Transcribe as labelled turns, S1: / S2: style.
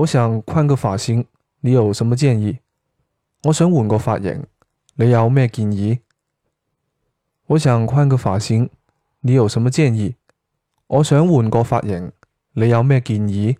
S1: 我想換個髮型，你有什麼建議？我想換個髮型，你有咩建議？我想換個髮型，你有什麼建議？我想換個髮型，你有咩建
S2: 議？